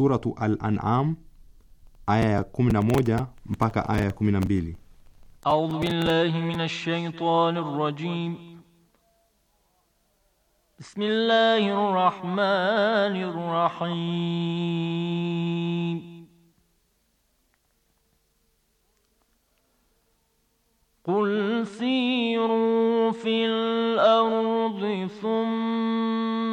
suratu Al-An'am aya ya 11 mpaka aya ya 12. A'udhu billahi minash shaitanir rajim. Bismillahir rahmanir rahim. قل siru في الأرض ثم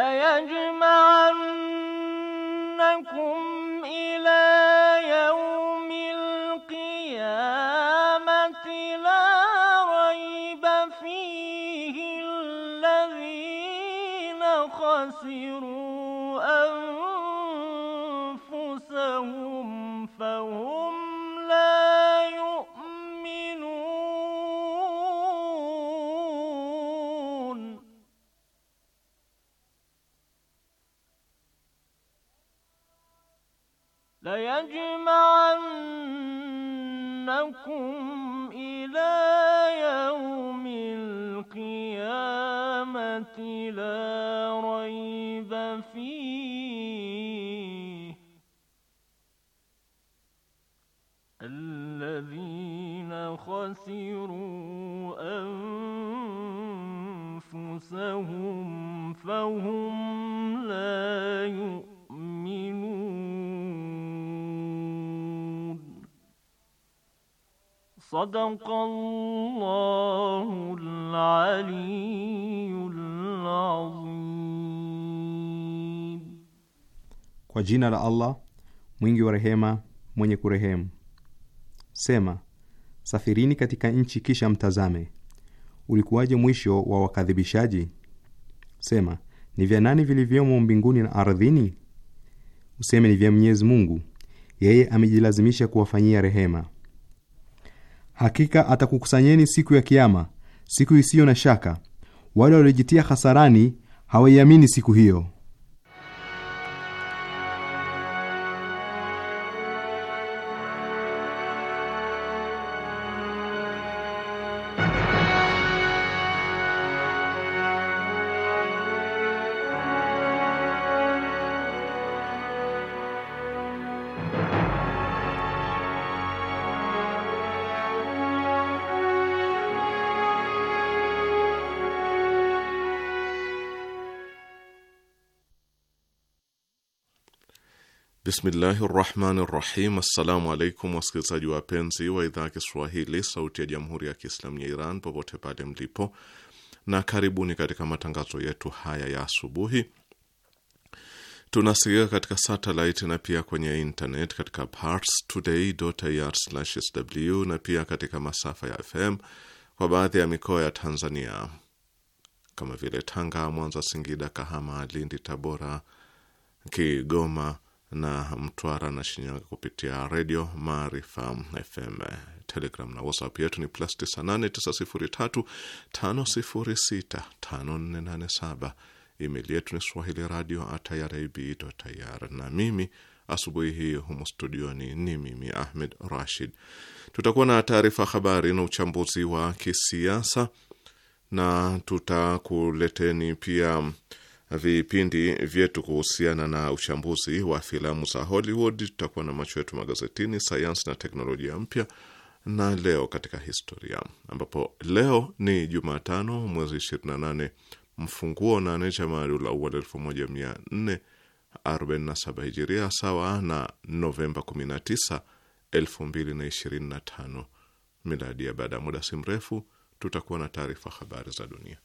ليجمعن لا ريب فيه الذين خسروا أنفسهم فهم لا يؤمنون صدق الله العليم Kwa jina la Allah mwingi wa rehema, mwenye kurehemu. Sema, safirini katika nchi, kisha mtazame ulikuwaje mwisho wa wakadhibishaji. Sema, ni vya nani vilivyomo mbinguni na ardhini? Useme, ni vya Mwenyezi Mungu, yeye amejilazimisha kuwafanyia rehema. Hakika atakukusanyeni siku ya Kiama, siku isiyo na shaka. Wale waliojitia hasarani hawaiamini siku hiyo. Bismillahi rahmani rahim. Assalamu alaikum wasikilizaji wapenzi wa idhaa ya Kiswahili sauti ya jamhuri ya Kiislamu ya Iran popote pale mlipo, na karibuni katika matangazo yetu haya ya asubuhi. Tunasikika katika satellite na pia kwenye internet katika parstoday.ir/sw na pia katika masafa ya FM kwa baadhi ya mikoa ya Tanzania kama vile Tanga, Mwanza, Singida, Kahama, Lindi, Tabora, Kigoma na Mtwara na Shinyanga kupitia redio Maarifa FM. Telegram na WhatsApp yetu ni plus 989035065487. Email yetu ni swahili radio @irib.ir. Na mimi asubuhi hii humu studioni ni mimi Ahmed Rashid. Tutakuwa na taarifa habari na uchambuzi wa kisiasa na tutakuleteni pia vipindi vyetu kuhusiana na uchambuzi wa filamu za Hollywood, tutakuwa na macho yetu magazetini, sayansi na teknolojia mpya, na leo katika historia, ambapo leo ni Jumatano mwezi 28 mfunguo nane Jamadul Awal 1447 hijiria sawa na Novemba 19, 2025 miladi. Ya baada ya muda si mrefu tutakuwa na taarifa habari za dunia.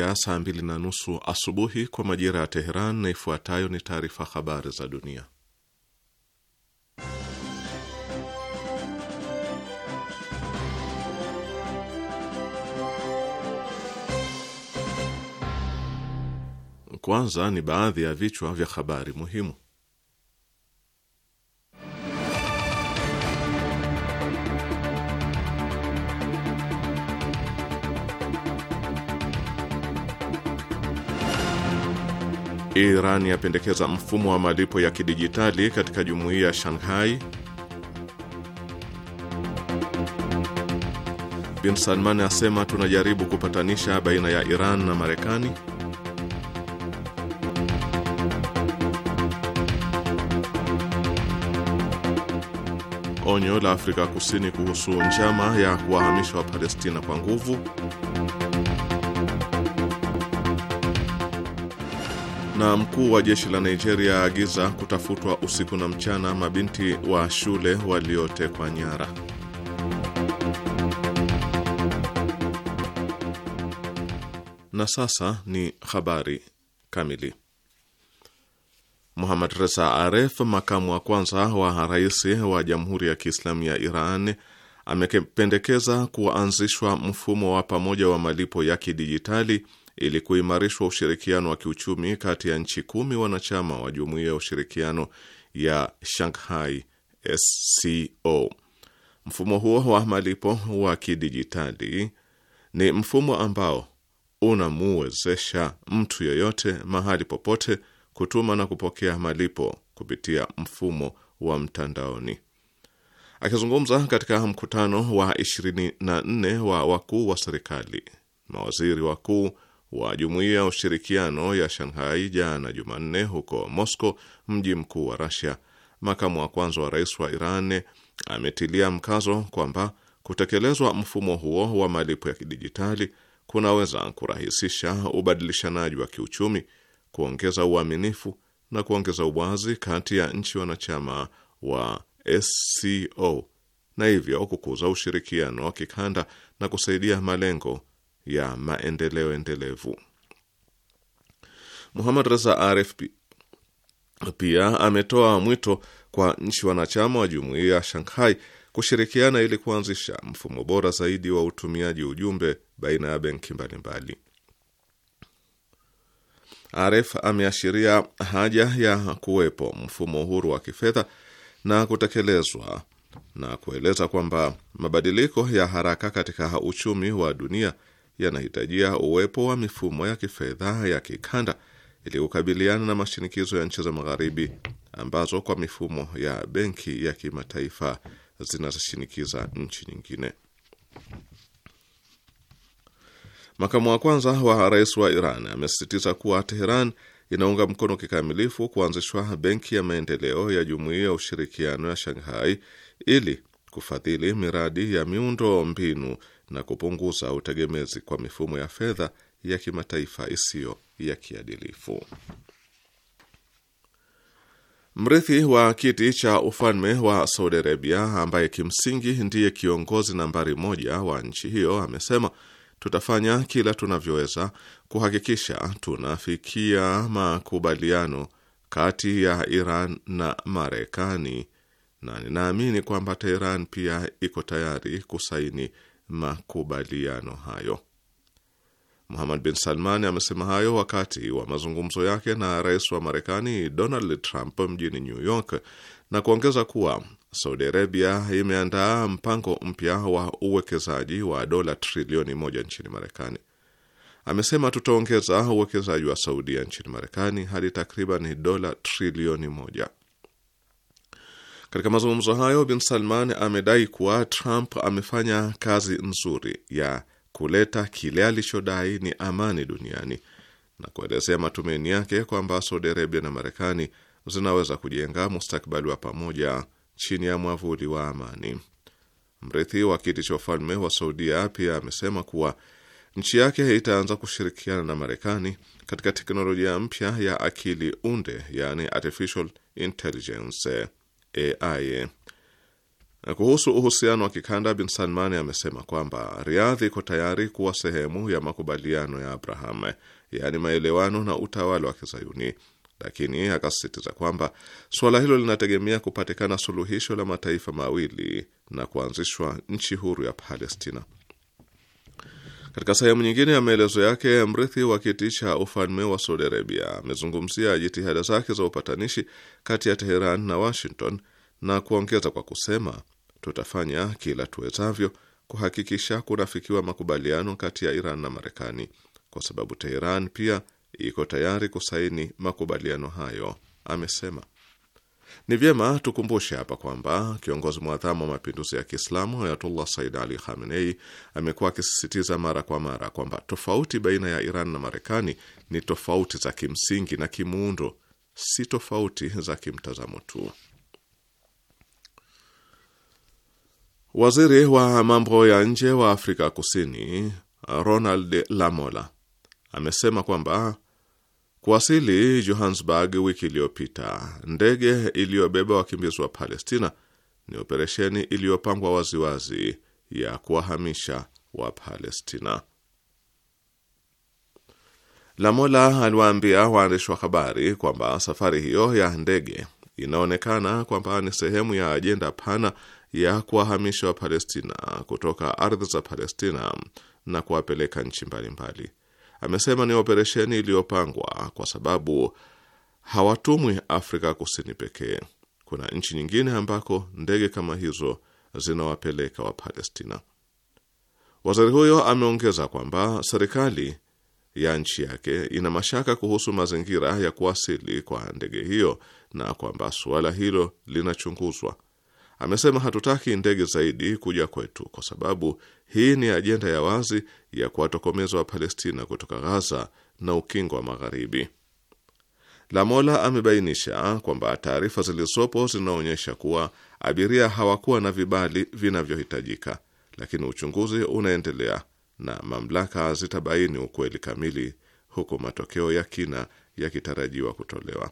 imewadia saa mbili na nusu asubuhi kwa majira ya Teheran, na ifuatayo ni taarifa habari za dunia. Kwanza ni baadhi ya vichwa vya habari muhimu. Iran yapendekeza mfumo wa malipo ya kidijitali katika jumuiya ya Shanghai. Bin Salman asema tunajaribu kupatanisha baina ya Iran na Marekani. Onyo la Afrika Kusini kuhusu njama ya kuwahamisha Wapalestina kwa nguvu. Na mkuu wa jeshi la Nigeria aagiza kutafutwa usiku na mchana mabinti wa shule waliotekwa nyara. Na sasa ni habari kamili. Muhammad Reza Aref, makamu wa kwanza wa rais wa Jamhuri ya Kiislamu ya Iran, amependekeza kuanzishwa mfumo wa pamoja wa malipo ya kidijitali ili kuimarishwa ushirikiano wa kiuchumi kati ya nchi kumi wanachama wa jumuiya ya ushirikiano ya Shanghai SCO. Mfumo huo wa malipo wa kidijitali ni mfumo ambao unamuwezesha mtu yoyote mahali popote kutuma na kupokea malipo kupitia mfumo wa mtandaoni. Akizungumza katika mkutano wa 24 wa wakuu wa serikali, mawaziri wakuu wa Jumuiya ya Ushirikiano ya Shanghai jana Jumanne huko Moscow, mji mkuu wa rasia makamu wa kwanza wa rais wa Iran ametilia mkazo kwamba kutekelezwa mfumo huo wa malipo ya kidijitali kunaweza kurahisisha ubadilishanaji wa kiuchumi, kuongeza uaminifu na kuongeza uwazi kati ya nchi wanachama wa SCO na hivyo kukuza ushirikiano wa kikanda na kusaidia malengo ya maendeleo endelevu. Muhammad Reza Aref pia ametoa mwito kwa nchi wanachama wa jumuiya ya Shanghai kushirikiana ili kuanzisha mfumo bora zaidi wa utumiaji ujumbe baina ya benki mbalimbali. Aref ameashiria haja ya kuwepo mfumo huru wa kifedha na kutekelezwa na kueleza kwamba mabadiliko ya haraka katika uchumi wa dunia yanahitajia uwepo wa mifumo ya kifedha ya kikanda ili kukabiliana na mashinikizo ya nchi za Magharibi ambazo kwa mifumo ya benki ya kimataifa zinazoshinikiza nchi nyingine. Makamu wa kwanza wa rais wa Iran amesisitiza kuwa Teheran inaunga mkono kikamilifu kuanzishwa benki ya maendeleo ya jumuiya ya ushirikiano ya Shanghai ili kufadhili miradi ya miundo mbinu na kupunguza utegemezi kwa mifumo ya fedha ya kimataifa isiyo ya kiadilifu. Mrithi wa kiti cha ufalme wa Saudi Arabia ambaye kimsingi ndiye kiongozi nambari moja wa nchi hiyo amesema, tutafanya kila tunavyoweza kuhakikisha tunafikia makubaliano kati ya Iran na Marekani, na ninaamini kwamba Teheran pia iko tayari kusaini makubaliano hayo. Muhammad bin Salman amesema hayo wakati wa mazungumzo yake na rais wa Marekani Donald Trump mjini New York na kuongeza kuwa Saudi Arabia imeandaa mpango mpya wa uwekezaji wa dola trilioni moja nchini Marekani. Amesema tutaongeza uwekezaji wa Saudia nchini Marekani hadi takriban dola trilioni moja. Katika mazungumzo hayo, Bin Salman amedai kuwa Trump amefanya kazi nzuri ya kuleta kile alichodai ni amani duniani na kuelezea matumaini yake kwamba Saudi Arabia na Marekani zinaweza kujenga mustakabali wa pamoja chini ya mwavuli wa amani. Mrithi wa kiti cha ufalme wa Saudia pia amesema kuwa nchi yake itaanza kushirikiana na Marekani katika teknolojia mpya ya akili unde, yani artificial intelligence. AI. Kuhusu uhusiano wa kikanda, Bin Salman amesema kwamba Riadhi iko tayari kuwa sehemu ya makubaliano ya Abraham, yaani maelewano na utawala wa Kizayuni, lakini akasisitiza kwamba suala hilo linategemea kupatikana suluhisho la mataifa mawili na kuanzishwa nchi huru ya Palestina. Katika sehemu nyingine ya maelezo yake, mrithi wa kiti cha ufalme wa Saudi Arabia amezungumzia jitihada zake za upatanishi kati ya Teheran na Washington na kuongeza kwa kusema, tutafanya kila tuwezavyo kuhakikisha kunafikiwa makubaliano kati ya Iran na Marekani kwa sababu Teheran pia iko tayari kusaini makubaliano hayo, amesema. Ni vyema tukumbushe hapa kwamba kiongozi mwadhamu wa mapinduzi ya Kiislamu Ayatullah Said Ali Khamenei amekuwa akisisitiza mara kwa mara kwamba tofauti baina ya Iran na Marekani ni tofauti za kimsingi na kimuundo, si tofauti za kimtazamo tu. Waziri wa mambo ya nje wa Afrika Kusini Ronald Lamola amesema kwamba Kuwasili Johannesburg wiki iliyopita ndege iliyobeba wakimbizi wa Palestina ni operesheni iliyopangwa waziwazi ya kuwahamisha Wapalestina. Lamola aliwaambia waandishi wa habari kwamba safari hiyo ya ndege inaonekana kwamba ni sehemu ya ajenda pana ya kuwahamisha Wapalestina kutoka ardhi za Palestina na kuwapeleka nchi mbalimbali amesema ni operesheni iliyopangwa kwa sababu hawatumwi Afrika Kusini pekee. Kuna nchi nyingine ambako ndege kama hizo zinawapeleka Wapalestina. Waziri huyo ameongeza kwamba serikali ya nchi yake ina mashaka kuhusu mazingira ya kuwasili kwa ndege hiyo na kwamba suala hilo linachunguzwa. Amesema hatutaki ndege zaidi kuja kwetu, kwa sababu hii ni ajenda ya wazi ya kuwatokomeza Wapalestina kutoka Ghaza na ukingo wa Magharibi. Lamola amebainisha kwamba taarifa zilizopo zinaonyesha kuwa abiria hawakuwa na vibali vinavyohitajika, lakini uchunguzi unaendelea na mamlaka zitabaini ukweli kamili, huku matokeo ya kina yakitarajiwa kutolewa.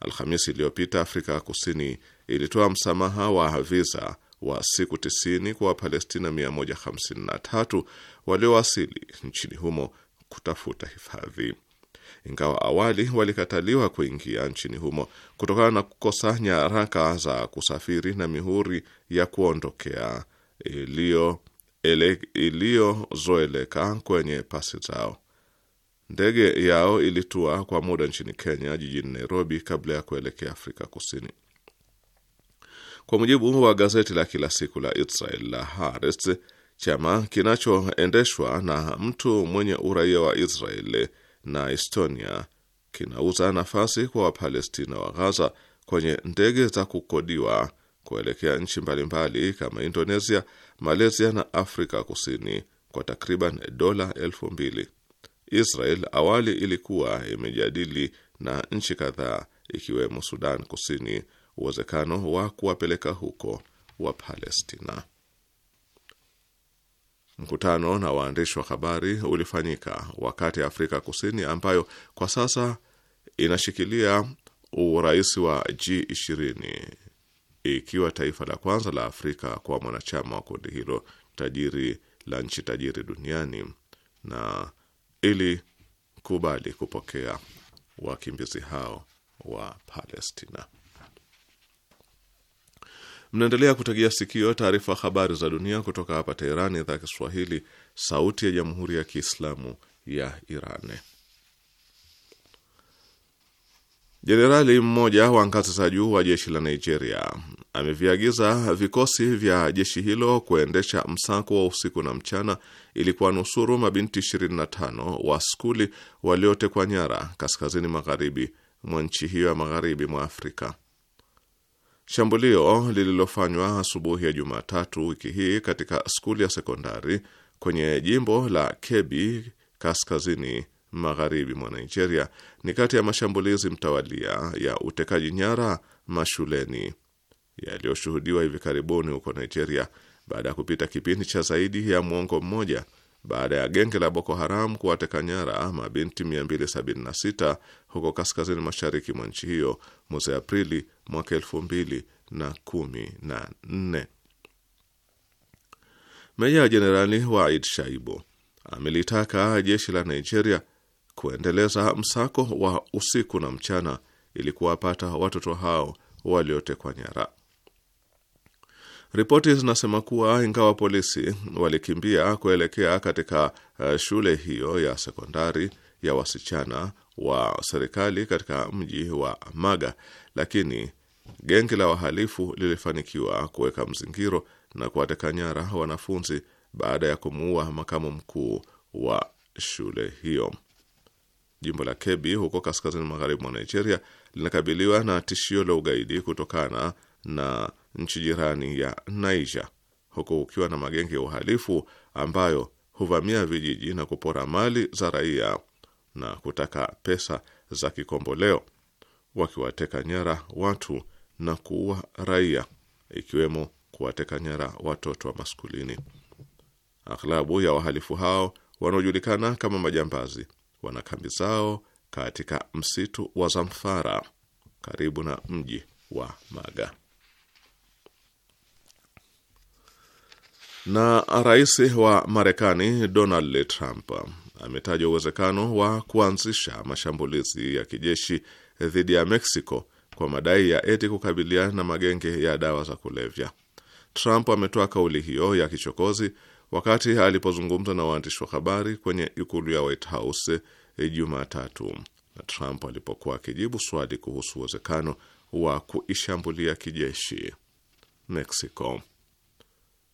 Alhamisi iliyopita Afrika ya Kusini ilitoa msamaha wa visa wa siku 90 kwa Wapalestina 153 waliowasili nchini humo kutafuta hifadhi, ingawa awali walikataliwa kuingia nchini humo kutokana na kukosa nyaraka za kusafiri na mihuri ya kuondokea iliyozoeleka kwenye pasi zao. Ndege yao ilitua kwa muda nchini Kenya, jijini Nairobi, kabla ya kuelekea Afrika Kusini. Kwa mujibu wa gazeti la kila siku la Israel la Haaretz, chama kinachoendeshwa na mtu mwenye uraia wa Israel na Estonia kinauza nafasi kwa Wapalestina wa Ghaza kwenye ndege za kukodiwa kuelekea nchi mbalimbali kama Indonesia, Malaysia na Afrika Kusini kwa takriban dola elfu mbili. Israel awali ilikuwa imejadili na nchi kadhaa ikiwemo Sudan Kusini uwezekano wa kuwapeleka huko wa Palestina. Mkutano na waandishi wa habari ulifanyika wakati Afrika Kusini ambayo kwa sasa inashikilia urais wa G20 ikiwa taifa la kwanza la Afrika kwa mwanachama wa kundi hilo tajiri la nchi tajiri duniani na ili kubali kupokea wakimbizi hao wa Palestina. Mnaendelea kutegea sikio taarifa habari za dunia kutoka hapa Teherani, idhaa ya Kiswahili, sauti ya jamhuri ya kiislamu ya Iran. Jenerali mmoja wa ngazi za juu wa jeshi la Nigeria ameviagiza vikosi vya jeshi hilo kuendesha msako wa usiku na mchana ili kuwanusuru mabinti 25 wa skuli waliotekwa nyara kaskazini magharibi mwa nchi hiyo ya magharibi mwa Afrika. Shambulio lililofanywa asubuhi ya Jumatatu wiki hii katika skuli ya sekondari kwenye jimbo la Kebbi kaskazini magharibi mwa Nigeria ni kati ya mashambulizi mtawalia ya utekaji nyara mashuleni yaliyoshuhudiwa hivi karibuni huko Nigeria baada ya kupita kipindi cha zaidi ya mwongo mmoja baada ya genge la Boko Haram kuwateka nyara mabinti 276 huko kaskazini mashariki mwa nchi hiyo mwezi Aprili mwaka nne. Meja ya Jenerali Waid Shaibu amelitaka jeshi la Nigeria kuendeleza msako wa usiku na mchana ili kuwapata watoto hao waliotekwa nyara. Ripoti zinasema kuwa ingawa polisi walikimbia kuelekea katika eh, shule hiyo ya sekondari ya wasichana wa serikali katika mji wa Maga, lakini genge la wahalifu lilifanikiwa kuweka mzingiro na kuwateka nyara wanafunzi baada ya kumuua makamu mkuu wa shule hiyo. Jimbo la Kebi huko kaskazini magharibi mwa Nigeria linakabiliwa na tishio la ugaidi kutokana na nchi jirani ya Niger, huku ukiwa na magenge ya uhalifu ambayo huvamia vijiji na kupora mali za raia na kutaka pesa za kikomboleo, wakiwateka nyara watu na kuua raia, ikiwemo kuwateka nyara watoto wa maskulini. Aghlabu ya wahalifu hao wanaojulikana kama majambazi wana kambi zao katika msitu wa Zamfara karibu na mji wa Maga. Na rais wa Marekani Donald Trump ametaja uwezekano wa kuanzisha mashambulizi ya kijeshi dhidi ya Mexico kwa madai ya eti kukabiliana na magenge ya dawa za kulevya. Trump ametoa kauli hiyo ya kichokozi wakati alipozungumza na waandishi wa habari kwenye ikulu ya White House e, Jumatatu, na Trump alipokuwa akijibu swali kuhusu uwezekano wa kuishambulia kijeshi Mexico,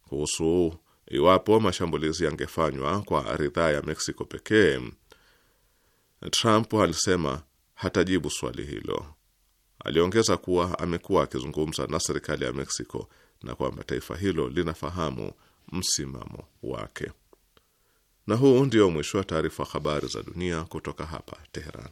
kuhusu iwapo mashambulizi yangefanywa kwa ridhaa ya Mexico pekee, Trump alisema hatajibu swali hilo. Aliongeza kuwa amekuwa akizungumza na serikali ya Mexico na kwamba taifa hilo linafahamu msimamo wake. Na huu ndio mwisho wa taarifa habari za dunia kutoka hapa Teheran.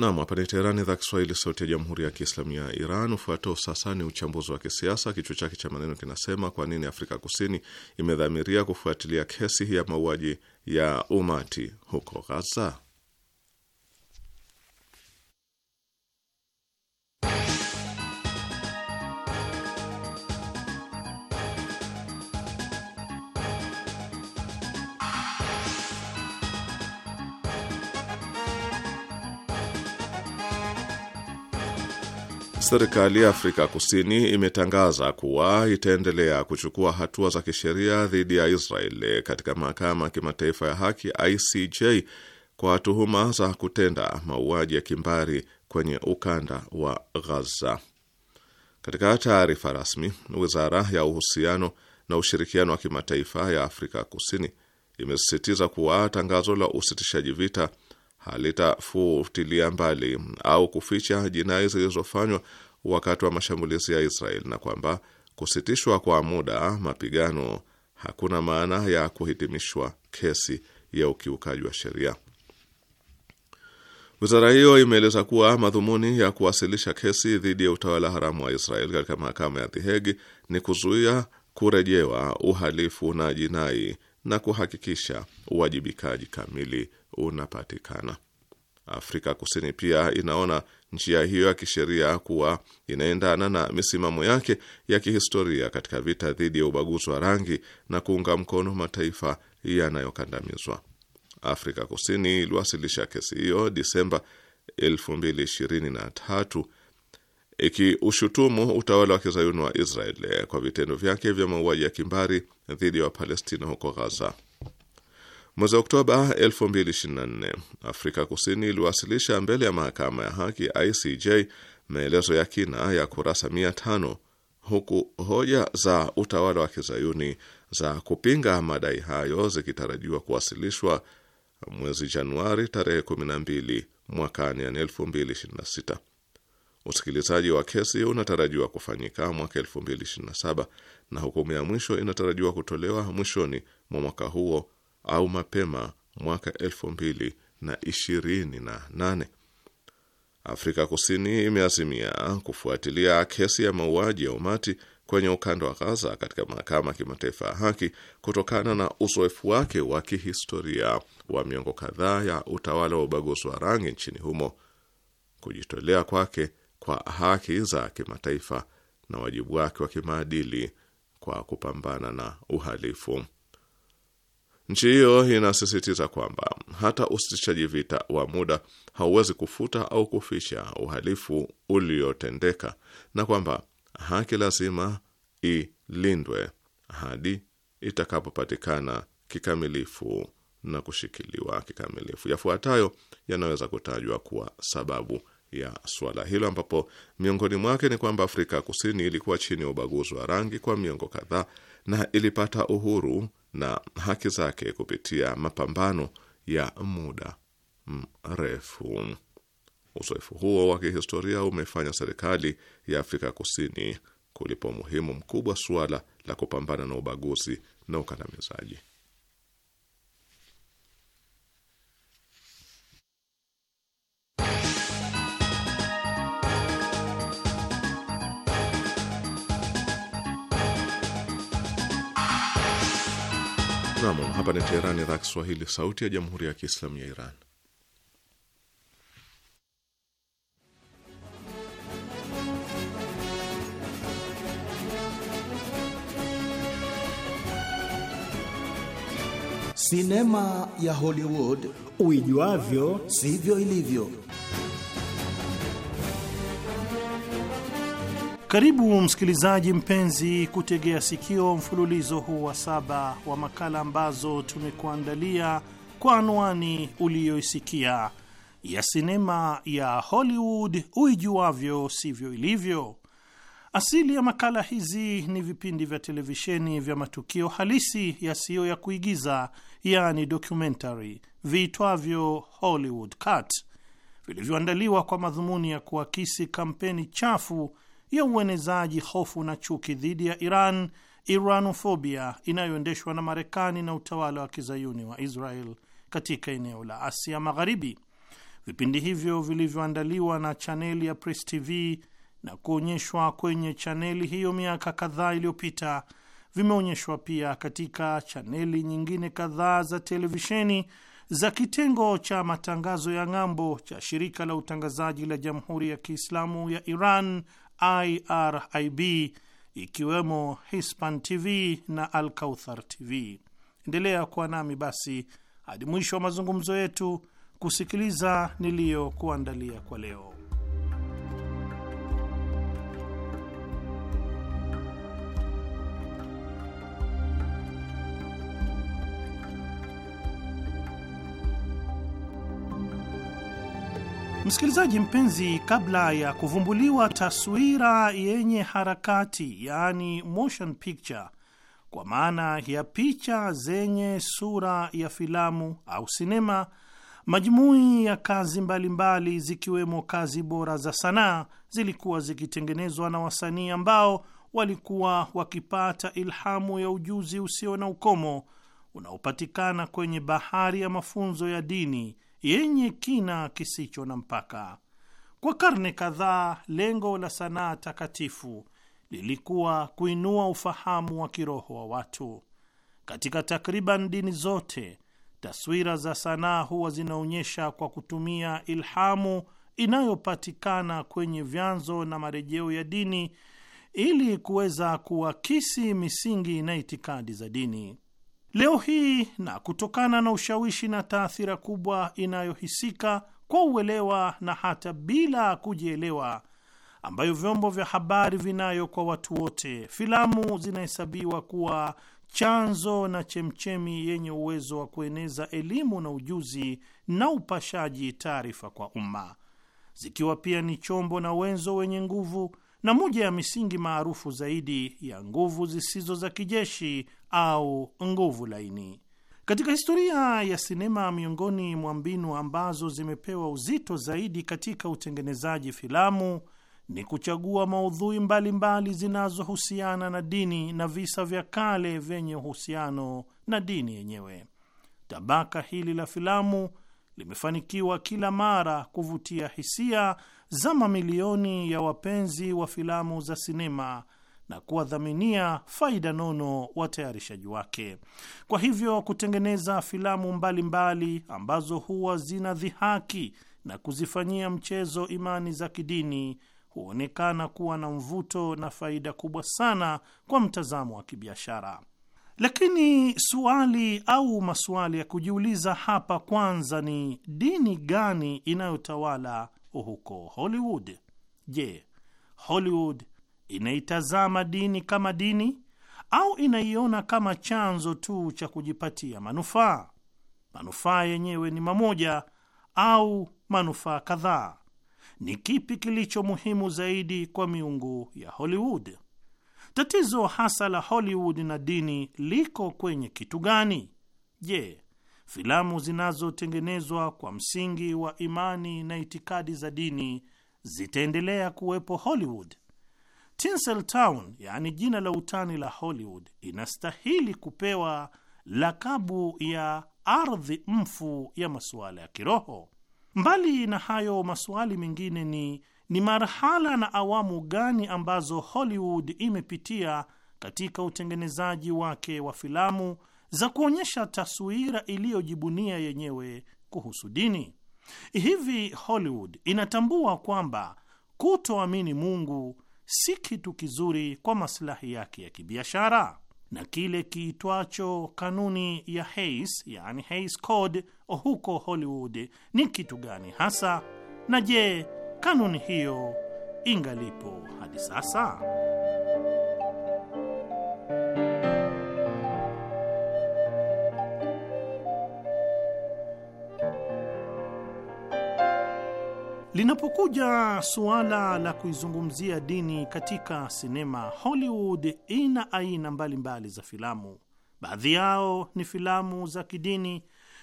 Nam, hapa ni Teherani, idhaa Kiswahili, sauti ya jamhuri ya kiislamu ya Iran. Ufuatao sasa ni uchambuzi wa kisiasa, kichwa chake cha maneno kinasema: kwa nini Afrika Kusini imedhamiria kufuatilia kesi ya mauaji ya umati huko Ghaza? Serikali ya Afrika Kusini imetangaza kuwa itaendelea kuchukua hatua za kisheria dhidi ya Israel katika mahakama ya kimataifa ya haki ICJ kwa tuhuma za kutenda mauaji ya kimbari kwenye ukanda wa Gaza. Katika taarifa rasmi, wizara ya uhusiano na ushirikiano wa kimataifa ya Afrika Kusini imesisitiza kuwa tangazo la usitishaji vita halitafutilia mbali au kuficha jinai zilizofanywa wakati wa mashambulizi ya Israel na kwamba kusitishwa kwa muda mapigano hakuna maana ya kuhitimishwa kesi ya ukiukaji wa sheria. Wizara hiyo imeeleza kuwa madhumuni ya kuwasilisha kesi dhidi ya utawala haramu wa Israel katika mahakama ya The Hague ni kuzuia kurejewa uhalifu na jinai na kuhakikisha uwajibikaji kamili unapatikana. Afrika Kusini pia inaona njia hiyo ya kisheria kuwa inaendana na misimamo yake ya kihistoria katika vita dhidi ya ubaguzi wa rangi na kuunga mkono mataifa yanayokandamizwa. Afrika Kusini iliwasilisha kesi hiyo Disemba 2023 ikiushutumu utawala wa kizayuni wa Israel kwa vitendo vyake vya mauaji ya kimbari dhidi ya Wapalestina huko Ghaza. Mwezi Oktoba 2024 Afrika Kusini iliwasilisha mbele ya mahakama ya haki ICJ maelezo ya kina ya kurasa 500 huku hoja za utawala wa kizayuni za kupinga madai hayo zikitarajiwa kuwasilishwa mwezi Januari tarehe 12 mwakani, yani 2026. Usikilizaji wa kesi unatarajiwa kufanyika mwaka 2027 na hukumu ya mwisho inatarajiwa kutolewa mwishoni mwa mwaka huo au mapema mwaka elfu mbili na ishirini na nane. Afrika Kusini imeazimia kufuatilia kesi ya mauaji ya umati kwenye ukanda wa Gaza katika mahakama ya kimataifa ya haki kutokana na uzoefu wake wa kihistoria wa miongo kadhaa ya utawala wa ubaguzi wa rangi nchini humo, kujitolea kwake kwa haki za kimataifa na wajibu wake wa kimaadili kwa kupambana na uhalifu. Nchi hiyo inasisitiza kwamba hata usitishaji vita wa muda hauwezi kufuta au kuficha uhalifu uliotendeka na kwamba haki lazima ilindwe hadi itakapopatikana kikamilifu na kushikiliwa kikamilifu. Yafuatayo yanaweza kutajwa kuwa sababu ya suala hilo, ambapo miongoni mwake ni kwamba Afrika ya Kusini ilikuwa chini ya ubaguzi wa rangi kwa miongo kadhaa na ilipata uhuru na haki zake kupitia mapambano ya muda mrefu. Uzoefu huo wa kihistoria umefanya serikali ya Afrika Kusini kulipa umuhimu mkubwa suala la kupambana na ubaguzi na ukandamizaji. Nam, hapa ni Teheran, idhaa Kiswahili, sauti ya jamhuri ya kiislamu ya Iran. Sinema ya Hollywood uijuavyo sivyo ilivyo. Karibu msikilizaji mpenzi kutegea sikio mfululizo huu wa saba wa makala ambazo tumekuandalia kwa anwani uliyoisikia ya sinema ya Hollywood uijuavyo sivyo ilivyo. Asili ya makala hizi ni vipindi vya televisheni vya matukio halisi yasiyo ya kuigiza, yani documentary, viitwavyo Hollywood Cut, vilivyoandaliwa kwa madhumuni ya kuakisi kampeni chafu ya uenezaji hofu na chuki dhidi ya Iran, Iranofobia, inayoendeshwa na Marekani na utawala wa kizayuni wa Israel katika eneo la Asia Magharibi. Vipindi hivyo vilivyoandaliwa na chaneli ya Press TV na kuonyeshwa kwenye chaneli hiyo miaka kadhaa iliyopita vimeonyeshwa pia katika chaneli nyingine kadhaa za televisheni za kitengo cha matangazo ya ng'ambo cha shirika la utangazaji la Jamhuri ya Kiislamu ya Iran IRIB ikiwemo Hispan TV na Alkauthar TV. Endelea kuwa nami basi hadi mwisho wa mazungumzo yetu kusikiliza niliyokuandalia kwa leo. Msikilizaji mpenzi, kabla ya kuvumbuliwa taswira yenye harakati, yaani motion picture, kwa maana ya picha zenye sura ya filamu au sinema, majumui ya kazi mbalimbali mbali, zikiwemo kazi bora za sanaa zilikuwa zikitengenezwa na wasanii ambao walikuwa wakipata ilhamu ya ujuzi usio na ukomo unaopatikana kwenye bahari ya mafunzo ya dini yenye kina kisicho na mpaka. Kwa karne kadhaa, lengo la sanaa takatifu lilikuwa kuinua ufahamu wa kiroho wa watu. Katika takriban dini zote, taswira za sanaa huwa zinaonyesha kwa kutumia ilhamu inayopatikana kwenye vyanzo na marejeo ya dini ili kuweza kuakisi misingi na itikadi za dini leo hii, na kutokana na ushawishi na taathira kubwa inayohisika kwa uelewa na hata bila kujielewa, ambayo vyombo vya habari vinayo kwa watu wote, filamu zinahesabiwa kuwa chanzo na chemchemi yenye uwezo wa kueneza elimu na ujuzi na upashaji taarifa kwa umma, zikiwa pia ni chombo na wenzo wenye nguvu na moja ya misingi maarufu zaidi ya nguvu zisizo za kijeshi au nguvu laini. Katika historia ya sinema, miongoni mwa mbinu ambazo zimepewa uzito zaidi katika utengenezaji filamu ni kuchagua maudhui mbalimbali zinazohusiana na dini na visa vya kale vyenye uhusiano na dini yenyewe. Tabaka hili la filamu limefanikiwa kila mara kuvutia hisia za mamilioni ya wapenzi wa filamu za sinema na kuwadhaminia faida nono watayarishaji wake. Kwa hivyo kutengeneza filamu mbalimbali mbali ambazo huwa zina dhihaki na kuzifanyia mchezo imani za kidini huonekana kuwa na mvuto na faida kubwa sana kwa mtazamo wa kibiashara. Lakini suali au masuali ya kujiuliza hapa kwanza ni dini gani inayotawala huko Hollywood? Je, Hollywood inaitazama dini kama dini au inaiona kama chanzo tu cha kujipatia manufaa? Manufaa yenyewe ni mamoja au manufaa kadhaa? Ni kipi kilicho muhimu zaidi kwa miungu ya Hollywood? Tatizo hasa la Hollywood na dini liko kwenye kitu gani? Je, filamu zinazotengenezwa kwa msingi wa imani na itikadi za dini zitaendelea kuwepo Hollywood? Tinsel Town, yaani jina la utani la Hollywood, inastahili kupewa lakabu ya ardhi mfu ya masuala ya kiroho. Mbali na hayo, masuali mengine ni ni marhala na awamu gani ambazo Hollywood imepitia katika utengenezaji wake wa filamu za kuonyesha taswira iliyojibunia yenyewe kuhusu dini. Hivi Hollywood inatambua kwamba kutoamini Mungu si kitu kizuri kwa masilahi yake ya kibiashara, na kile kiitwacho kanuni ya Hays, yani Hays Code huko Hollywood ni kitu gani hasa? Na je, Kanuni hiyo ingalipo hadi sasa. Linapokuja suala la kuizungumzia dini katika sinema, Hollywood ina aina mbalimbali mbali za filamu. Baadhi yao ni filamu za kidini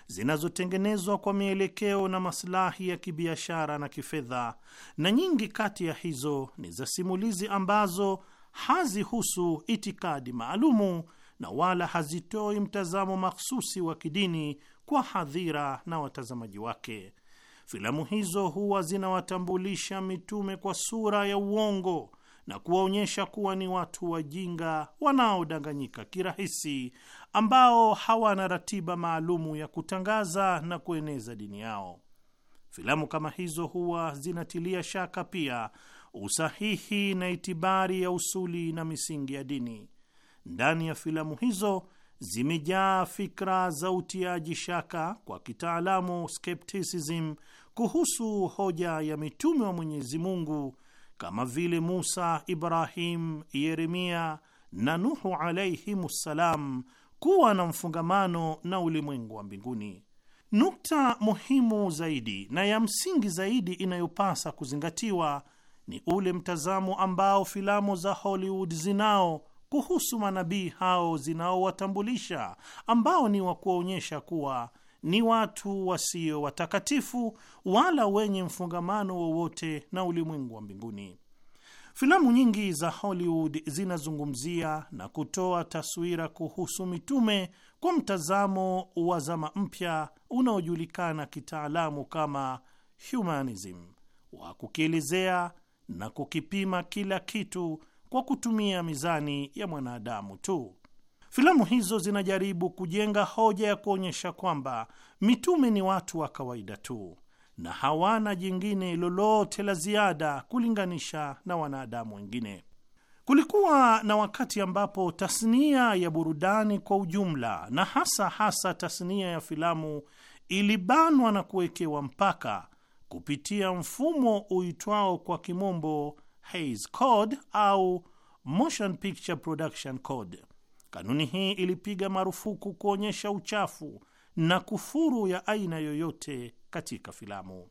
zinazotengenezwa kwa mielekeo na masilahi ya kibiashara na kifedha, na nyingi kati ya hizo ni za simulizi ambazo hazihusu itikadi maalumu na wala hazitoi mtazamo maksusi wa kidini kwa hadhira na watazamaji wake. Filamu hizo huwa zinawatambulisha mitume kwa sura ya uongo na kuwaonyesha kuwa ni watu wajinga wanaodanganyika kirahisi, ambao hawana ratiba maalumu ya kutangaza na kueneza dini yao. Filamu kama hizo huwa zinatilia shaka pia usahihi na itibari ya usuli na misingi ya dini. Ndani ya filamu hizo zimejaa fikra za utiaji shaka, kwa kitaalamu skepticism, kuhusu hoja ya mitume wa Mwenyezi Mungu kama vile Musa, Ibrahim, Yeremia na Nuhu alayhimussalam kuwa na mfungamano na ulimwengu wa mbinguni. Nukta muhimu zaidi na ya msingi zaidi inayopasa kuzingatiwa ni ule mtazamo ambao filamu za Hollywood zinao kuhusu manabii hao zinaowatambulisha, ambao ni wa kuwaonyesha kuwa ni watu wasio watakatifu wala wenye mfungamano wowote na ulimwengu wa mbinguni. Filamu nyingi za Hollywood zinazungumzia na kutoa taswira kuhusu mitume kwa mtazamo wa zama mpya unaojulikana kitaalamu kama humanism, wa kukielezea na kukipima kila kitu kwa kutumia mizani ya mwanadamu tu. Filamu hizo zinajaribu kujenga hoja ya kuonyesha kwamba mitume ni watu wa kawaida tu na hawana jingine lolote la ziada kulinganisha na wanadamu wengine. Kulikuwa na wakati ambapo tasnia ya burudani kwa ujumla na hasa hasa tasnia ya filamu ilibanwa na kuwekewa mpaka kupitia mfumo uitwao kwa kimombo Hays Code au Motion Picture Production Code. Kanuni hii ilipiga marufuku kuonyesha uchafu na kufuru ya aina yoyote katika filamu.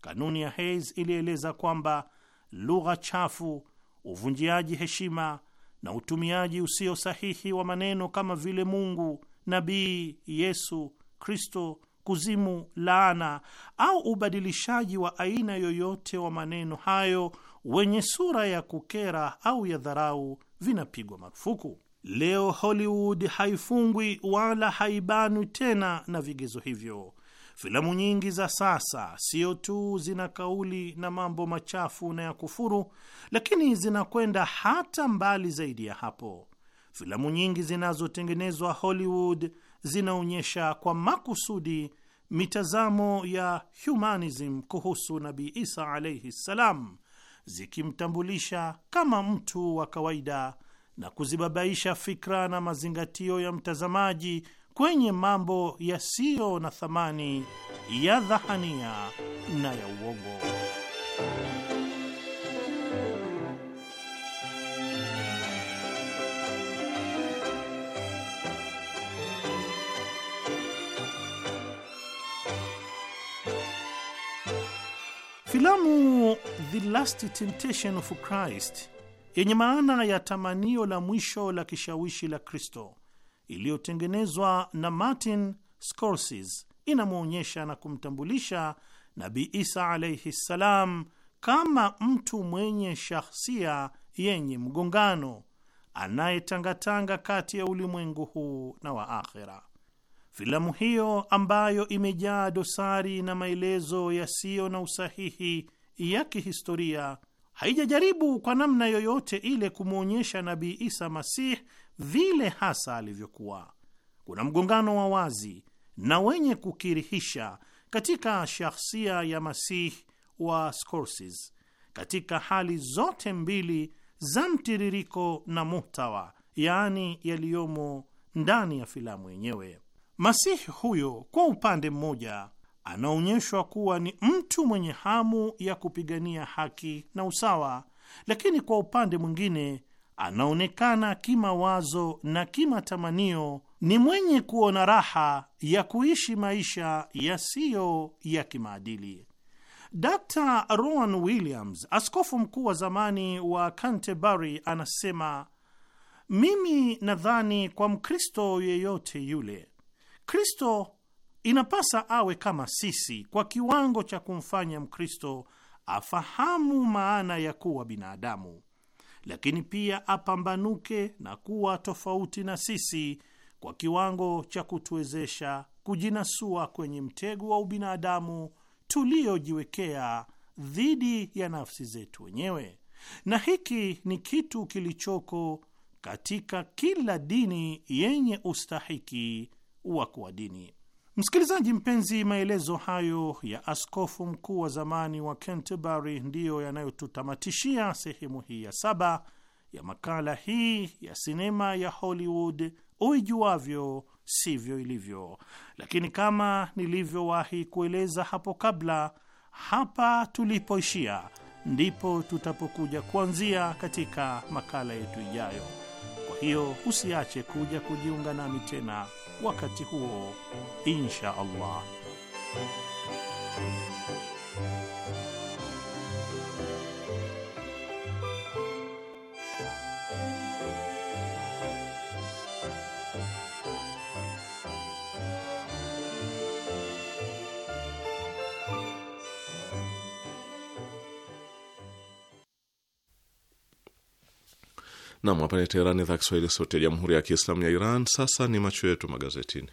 Kanuni ya Hays ilieleza kwamba lugha chafu, uvunjiaji heshima na utumiaji usio sahihi wa maneno kama vile Mungu, nabii, Yesu Kristo, kuzimu, laana au ubadilishaji wa aina yoyote wa maneno hayo wenye sura ya kukera au ya dharau vinapigwa marufuku. Leo Hollywood haifungwi wala haibanwi tena na vigezo hivyo. Filamu nyingi za sasa sio tu zina kauli na mambo machafu na ya kufuru, lakini zinakwenda hata mbali zaidi ya hapo. Filamu nyingi zinazotengenezwa Hollywood zinaonyesha kwa makusudi mitazamo ya humanism kuhusu Nabii Isa alaihi ssalam, zikimtambulisha kama mtu wa kawaida na kuzibabaisha fikra na mazingatio ya mtazamaji kwenye mambo yasiyo na thamani ya dhahania na ya uongo. Filamu The Last Temptation of Christ yenye maana ya tamanio la mwisho la kishawishi la Kristo iliyotengenezwa na Martin Scorsese inamwonyesha na kumtambulisha Nabii Isa alaihi ssalam kama mtu mwenye shahsia yenye mgongano anayetangatanga kati ya ulimwengu huu na wa akhera. Filamu hiyo ambayo imejaa dosari na maelezo yasiyo na usahihi ya kihistoria haijajaribu kwa namna yoyote ile kumwonyesha Nabii Isa Masih vile hasa alivyokuwa. Kuna mgongano wa wazi na wenye kukirihisha katika shahsia ya Masih wa Scorsese katika hali zote mbili za mtiririko na muhtawa, yaani yaliyomo ndani ya filamu yenyewe. Masihi huyo kwa upande mmoja anaonyeshwa kuwa ni mtu mwenye hamu ya kupigania haki na usawa, lakini kwa upande mwingine anaonekana kimawazo na kimatamanio ni mwenye kuona raha ya kuishi maisha yasiyo ya kimaadili. Dr Rowan Williams, askofu mkuu wa zamani wa Canterbury, anasema mimi nadhani kwa Mkristo yeyote yule, Kristo Inapasa awe kama sisi kwa kiwango cha kumfanya Mkristo afahamu maana ya kuwa binadamu, lakini pia apambanuke na kuwa tofauti na sisi kwa kiwango cha kutuwezesha kujinasua kwenye mtego wa ubinadamu tuliojiwekea dhidi ya nafsi zetu wenyewe. Na hiki ni kitu kilichoko katika kila dini yenye ustahiki wa kuwa dini. Msikilizaji mpenzi, maelezo hayo ya askofu mkuu wa zamani wa Canterbury ndiyo yanayotutamatishia sehemu hii ya saba ya makala hii ya sinema ya Hollywood uijuavyo sivyo ilivyo. Lakini kama nilivyowahi kueleza hapo kabla, hapa tulipoishia ndipo tutapokuja kuanzia katika makala yetu ijayo. Kwa hiyo usiache kuja kujiunga nami tena wakati huo insha Allah. Nam, hapa ni Teherani, idhaa Kiswahili, sauti ya jamhuri ya kiislamu ya Iran. Sasa ni macho yetu magazetini.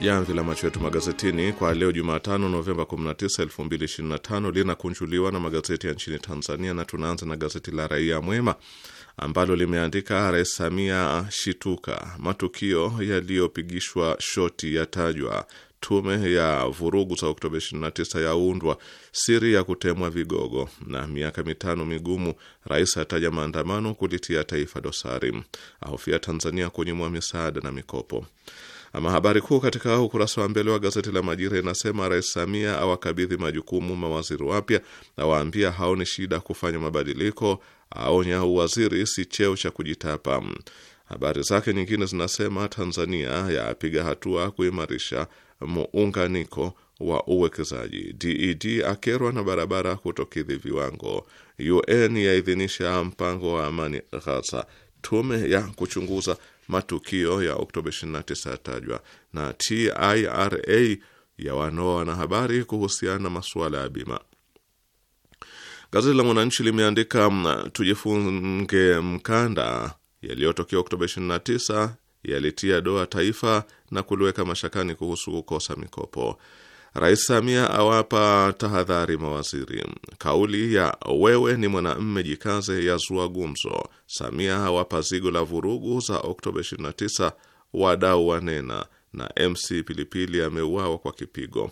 Jamvi la macho yetu magazetini kwa leo Jumatano, Novemba 19, 2025 linakunjuliwa na magazeti ya nchini Tanzania, na tunaanza na gazeti la Raia Mwema ambalo limeandika Rais Samia shituka, matukio yaliyopigishwa shoti yatajwa, tume ya vurugu za Oktoba 29 yaundwa, siri ya kutemwa vigogo, na miaka mitano migumu. Rais ataja maandamano kulitia taifa dosari, ahofia Tanzania kunyimwa misaada na mikopo. Ama habari kuu katika ukurasa wa mbele wa gazeti la Majira inasema Rais Samia awakabidhi majukumu mawaziri wapya, awaambia haoni shida kufanya mabadiliko, aonya uwaziri si cheo cha kujitapa. Habari zake nyingine zinasema Tanzania yapiga hatua kuimarisha muunganiko wa uwekezaji, DED e akerwa na barabara kutokidhi viwango, UN yaidhinisha mpango wa amani Ghaza, tume ya kuchunguza matukio ya Oktoba 29 yatajwa, na TIRA ya wanoa wanahabari kuhusiana na masuala ya bima. Gazeti la Mwananchi limeandika tujifunge mkanda, yaliyotokea Oktoba 29 yalitia doa taifa na kuliweka mashakani kuhusu kukosa mikopo. Rais Samia awapa tahadhari mawaziri. Kauli ya wewe ni mwanamme jikaze ya zua gumzo. Samia awapa zigo la vurugu za Oktoba 29, wadau wanena, na MC Pilipili ameuawa kwa kipigo.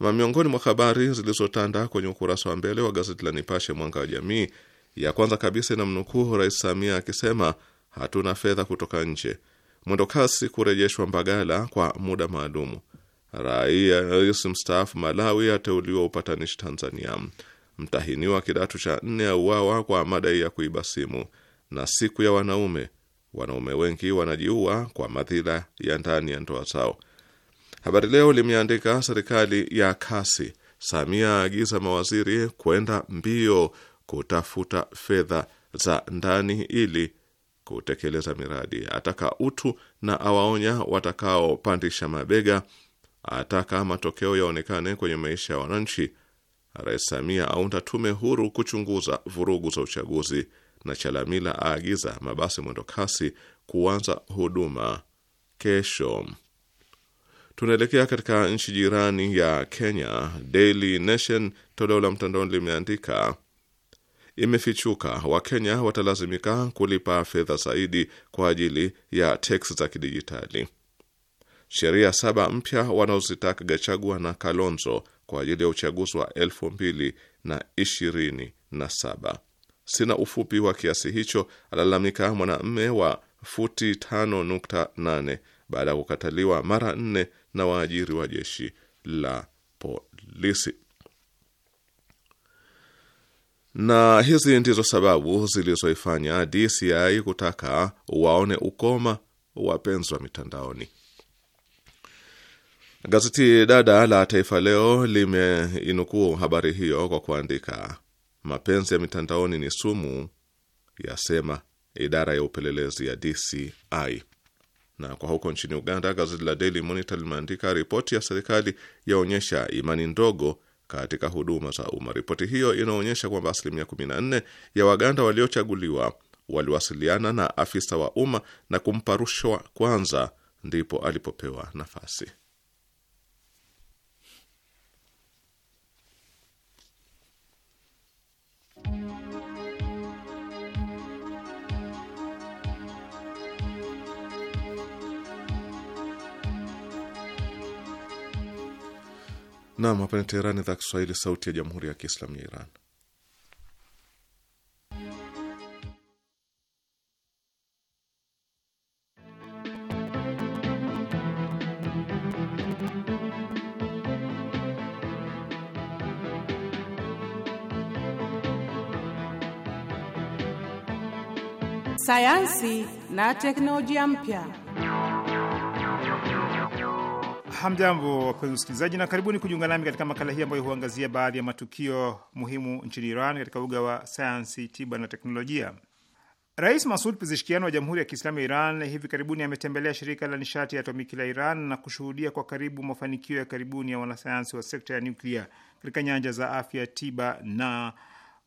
Ma miongoni mwa habari zilizotanda kwenye ukurasa wa mbele wa gazeti la Nipashe Mwanga wa Jamii, ya kwanza kabisa inamnukuu Rais Samia akisema hatuna fedha kutoka nje, mwendokasi kurejeshwa Mbagala kwa muda maalumu Raia rais mstaafu Malawi ateuliwa upatanishi Tanzania. Mtahiniwa kidato cha nne auawa kwa madai ya kuiba simu. Na siku ya wanaume, wanaume wengi wanajiua kwa madhila ya ndani ya ndoa zao. Habari Leo limeandika serikali ya kasi, Samia aagiza mawaziri kwenda mbio kutafuta fedha za ndani ili kutekeleza miradi, ataka utu na awaonya watakaopandisha mabega ataka matokeo yaonekane kwenye maisha ya wananchi. Rais Samia aunda tume huru kuchunguza vurugu za uchaguzi, na Chalamila aagiza mabasi mwendo kasi kuanza huduma kesho. Tunaelekea katika nchi jirani ya Kenya. Daily Nation toleo la mtandaoni limeandika imefichuka, Wakenya watalazimika kulipa fedha zaidi kwa ajili ya teksi za kidijitali sheria saba mpya wanaozitaka Gachagua na Kalonzo kwa ajili ya uchaguzi wa elfu mbili na ishirini na saba. Sina ufupi wa kiasi hicho, alalamika mwanamme wa futi 5.8 baada ya kukataliwa mara nne na waajiri wa jeshi la polisi. Na hizi ndizo sababu zilizoifanya DCI kutaka waone ukoma wapenzi wa mitandaoni. Gazeti dada la Taifa Leo limeinukuu habari hiyo kwa kuandika, mapenzi ya mitandaoni ni sumu, yasema idara ya upelelezi ya DCI. Na kwa huko nchini Uganda, gazeti la Daily Monitor limeandika ripoti ya serikali yaonyesha imani ndogo katika huduma za umma. Ripoti hiyo inaonyesha kwamba asilimia 14 ya Waganda waliochaguliwa waliwasiliana na afisa wa umma na kumpa rushwa kwanza, ndipo alipopewa nafasi. Nam, hapa ni Teheran, idhaa Kiswahili, sauti ya jamhuri ya kiislamu ya Iran. Sayansi na teknolojia mpya. Hamjambo, wapenzi wasikilizaji, na karibuni kujiunga nami katika makala hii ambayo huangazia baadhi ya matukio muhimu nchini Iran katika uga wa sayansi, tiba na teknolojia. Rais Masud Pezeshkian wa Jamhuri ya Kiislamu ya Iran hivi karibuni ametembelea shirika la nishati ya atomiki la Iran na kushuhudia kwa karibu mafanikio ya karibuni ya wanasayansi wa sekta ya nyuklia katika nyanja za afya, tiba na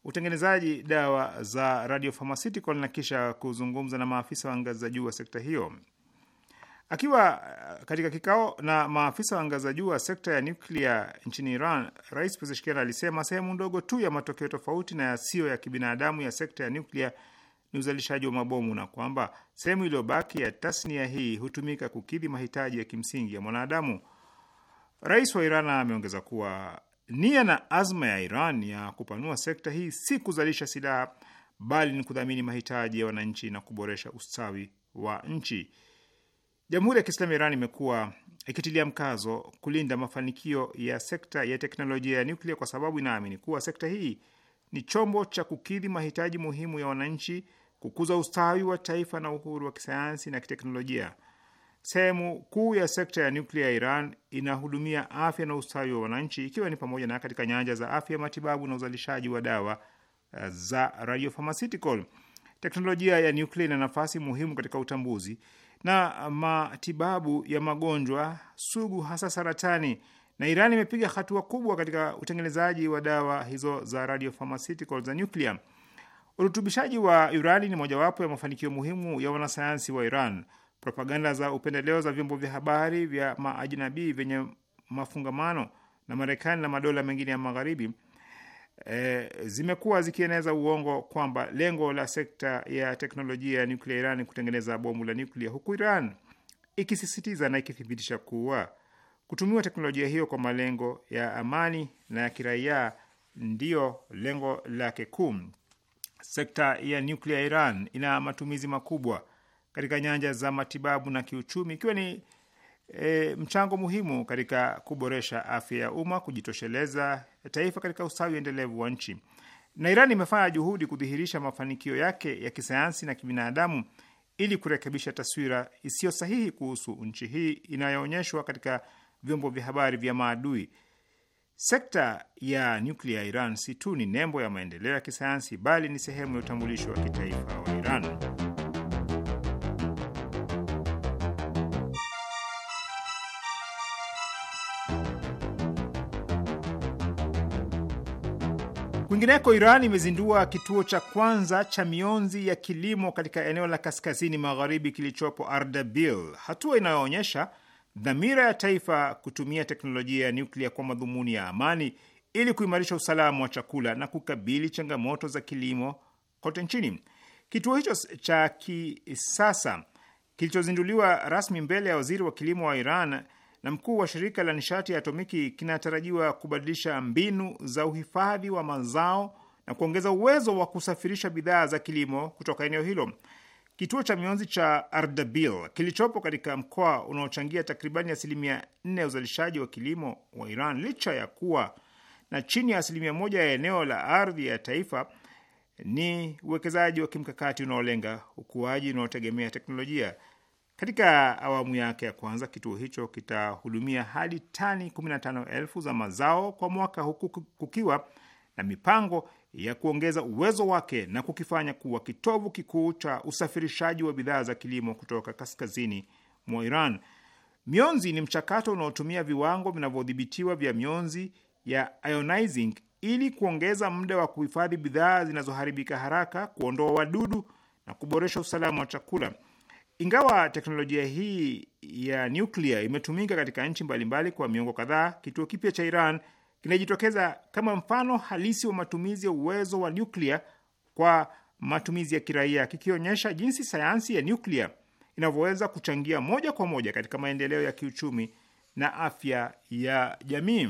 utengenezaji dawa za radiofarmaceutical na kisha kuzungumza na maafisa wa ngazi za juu wa sekta hiyo. Akiwa eh, katika kikao na maafisa wa ngazi za juu wa sekta ya nuklia nchini Iran, Rais Pezeshkian alisema sehemu ndogo tu ya matokeo tofauti na yasiyo ya kibinadamu ya sekta ya nuklia ni uzalishaji wa mabomu na kwamba sehemu iliyobaki ya tasnia hii hutumika kukidhi mahitaji ya kimsingi ya mwanadamu. Rais wa Iran ameongeza kuwa nia na azma ya Iran ya kupanua sekta hii si kuzalisha silaha, bali ni kudhamini mahitaji ya wananchi na kuboresha ustawi wa nchi. Jamhuri ya Kiislamu ya Iran imekuwa ikitilia mkazo kulinda mafanikio ya sekta ya teknolojia ya nuklia kwa sababu inaamini kuwa sekta hii ni chombo cha kukidhi mahitaji muhimu ya wananchi, kukuza ustawi wa taifa na uhuru wa kisayansi na kiteknolojia. Sehemu kuu ya sekta ya nuklia ya Iran inahudumia afya na ustawi wa wananchi, ikiwa ni pamoja na katika nyanja za afya, matibabu na uzalishaji wa dawa eh, za radiopharmaceutical. Teknolojia ya nuklia ina nafasi muhimu katika utambuzi, na matibabu ya magonjwa sugu hasa saratani, na Iran imepiga hatua kubwa katika utengenezaji wa dawa hizo za radiopharmaceutical za nuclear. Urutubishaji wa urani ni mojawapo ya mafanikio muhimu ya wanasayansi wa Iran. Propaganda za upendeleo za vyombo vya habari vya maajinabii vyenye mafungamano na Marekani na madola mengine ya Magharibi e, zimekuwa zikieneza uongo kwamba lengo la sekta ya teknolojia ya nuklia Iran ni kutengeneza bomu la nuklia, huku Iran ikisisitiza na ikithibitisha kuwa kutumiwa teknolojia hiyo kwa malengo ya amani na ya kiraia ndiyo lengo lake kuu. Sekta ya nuklia Iran ina matumizi makubwa katika nyanja za matibabu na kiuchumi, ikiwa ni e, mchango muhimu katika kuboresha afya ya umma, kujitosheleza taifa katika ustawi endelevu wa nchi. Na Iran imefanya juhudi kudhihirisha mafanikio yake ya kisayansi na kibinadamu ili kurekebisha taswira isiyo sahihi kuhusu nchi hii inayoonyeshwa katika vyombo vya habari vya maadui. Sekta ya nyuklia ya Iran si tu ni nembo ya maendeleo ya kisayansi, bali ni sehemu ya utambulisho wa kitaifa wa Iran. Kwingineko, Iran imezindua kituo cha kwanza cha mionzi ya kilimo katika eneo la kaskazini magharibi kilichopo Ardabil, hatua inayoonyesha dhamira ya taifa kutumia teknolojia ya nyuklia kwa madhumuni ya amani ili kuimarisha usalama wa chakula na kukabili changamoto za kilimo kote nchini. Kituo hicho cha kisasa kilichozinduliwa rasmi mbele ya waziri wa kilimo wa Iran na mkuu wa shirika la nishati ya atomiki kinatarajiwa kubadilisha mbinu za uhifadhi wa mazao na kuongeza uwezo wa kusafirisha bidhaa za kilimo kutoka eneo hilo. Kituo cha mionzi cha Ardabil kilichopo katika mkoa unaochangia takribani asilimia nne ya uzalishaji wa kilimo wa Iran, licha ya kuwa na chini ya asilimia moja ya eneo la ardhi ya taifa, ni uwekezaji wa kimkakati unaolenga ukuaji unaotegemea teknolojia. Katika awamu yake ya kwanza kituo hicho kitahudumia hadi tani 15 elfu za mazao kwa mwaka, huku kukiwa na mipango ya kuongeza uwezo wake na kukifanya kuwa kitovu kikuu cha usafirishaji wa bidhaa za kilimo kutoka kaskazini mwa Iran. Mionzi ni mchakato unaotumia viwango vinavyodhibitiwa vya mionzi ya ionizing ili kuongeza muda wa kuhifadhi bidhaa zinazoharibika haraka, kuondoa wadudu na kuboresha usalama wa chakula. Ingawa teknolojia hii ya nyuklia imetumika katika nchi mbalimbali kwa miongo kadhaa, kituo kipya cha Iran kinajitokeza kama mfano halisi wa matumizi ya uwezo wa nyuklia kwa matumizi ya kiraia, kikionyesha jinsi sayansi ya nyuklia inavyoweza kuchangia moja kwa moja katika maendeleo ya kiuchumi na afya ya jamii.